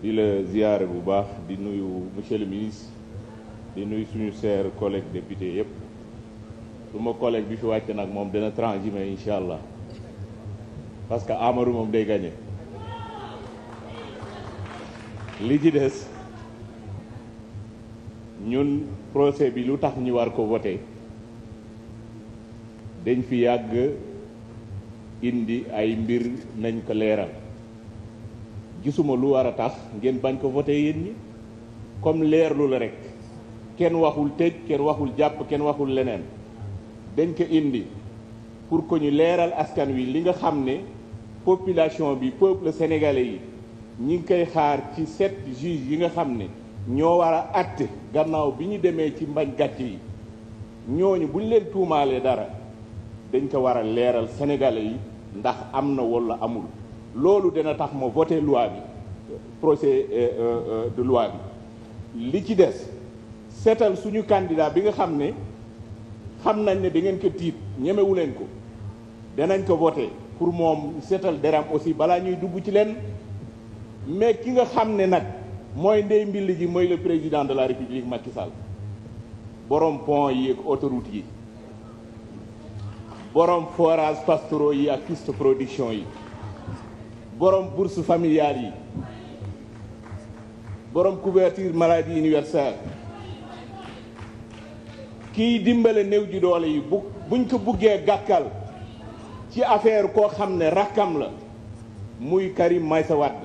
di la ziyaare bu baax di nuyu monsieur le ministre di nuyu suñu seer collègue député yépp ma collègue bi fi wàcc nag moom dana dina transimer incha allah parce que Amadou moom day gagné li ci des ñun procès bi lu tax ñu war ko voté dañ fi yàgg indi ay mbir nañ ko leeral gisuma lu war a tax ngeen bañ ko voté yéen ñi comme leerlu la rek kenn waxul tëj kenn waxul jàpp kenn waxul leneen dañ ko indi pour que ñu leeral askan wi li nga xam ne population bi peuple sénégalais yi ñi ngi koy xaar ci sept juges yi nga xam ne ñoo war a àtte gannaaw bi ñu demee ci mbañ gàcc yi ñooñu buñ leen tuumaalee dara dañ ko war a leeral sénégalais yi ndax am na walla amul loolu dina tax ma voté loi bi procès euh, euh, euh, de loi bi li ci des seetal suñu candidat bi nga xam ne xam nañ ne da ngeen ko tiit ñemewu leen ko danañ ko voté pour moom seetal deram aussi balaa ñuy dugg ci leen mais ki nga xam ne nag mooy ndey mbill gi mooy le président de la république Macky Sall borom pont yi ak autoroute yi borom forage pastoraux yi ak piste production yi borom bourse familiale yi borom couverture maladie universelle kiy dimbale néew ji doole yi bu buñ ko buggee gàkkal ci affaire koo xam ne rakkam la muy Karim Meïssa Wade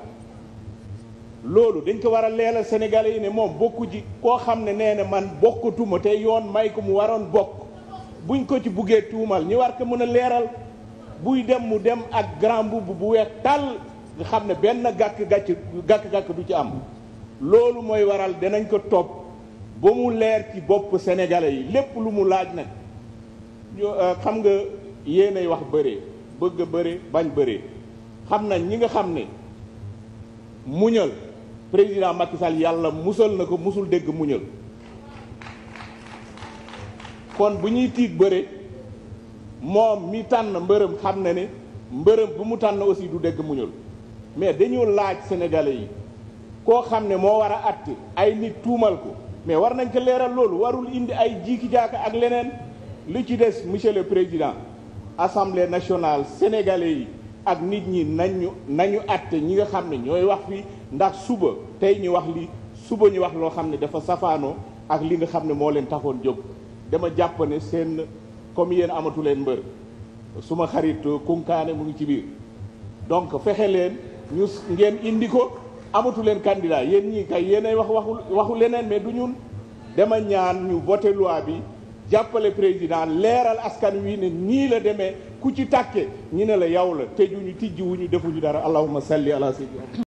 loolu dañ ko war a leelal Sénégalais yi ne moom bokku ji koo xam ne nee na man bokkatuma te yoon may ko mu waroon bokk buñ ko ci buggee tuumal ñu war ko mën a leeral buy dem mu dem ak grand mbubb bu weex tàll nga xam ne benn gàkk-gàcc gàkk-gàkk du ci am loolu mooy waral danañ ko topp ba mu leer ci bopp sénégalais yi lépp lu mu laaj nag ñu euh, xam nga yéenay wax bëree bëgg a bëree bañ bëree xam nañ ñi nga xam ne muñal président makisal Sall yàlla musal na ko musul dégg muñal kon bu ñuy tiit bëre moom mi tànn mbërëm xam na ne mbërëm bu mu tànn aussi du dégg muñul mais dañoo laaj sénégalais yi koo xam ne moo war a àtte ay nit tuumal ko mais war nañ ko leeral loolu warul indi ay jiiki jaaka ak leneen li ci des monsieur le président assemblée nationale sénégalais yi ak nit ñi nañu nañu àtte ñi nga xam ne ñooy wax fii ndax suba tey ñu wax li suba ñu wax loo xam ne dafa safaanoo ak li nga xam ne moo leen taxoon jóg dama jàpp ne seen comme yéen amatu leen mbër suma xarit kunkaane mu ngi ci biir donc fexe leen ñu ngeen indi ko amatu leen candidat yéen ñii kay yéenay wax waxu waxu leneen mais du ñun dama ñaan ñu voté loi bi jàppale président leeral askan wi ne ñii la demee ku ci tàkke ñi ne la yow la te ñu tëjuñu tijjiwuñu defuñu dara allahumma salli ala sayyidina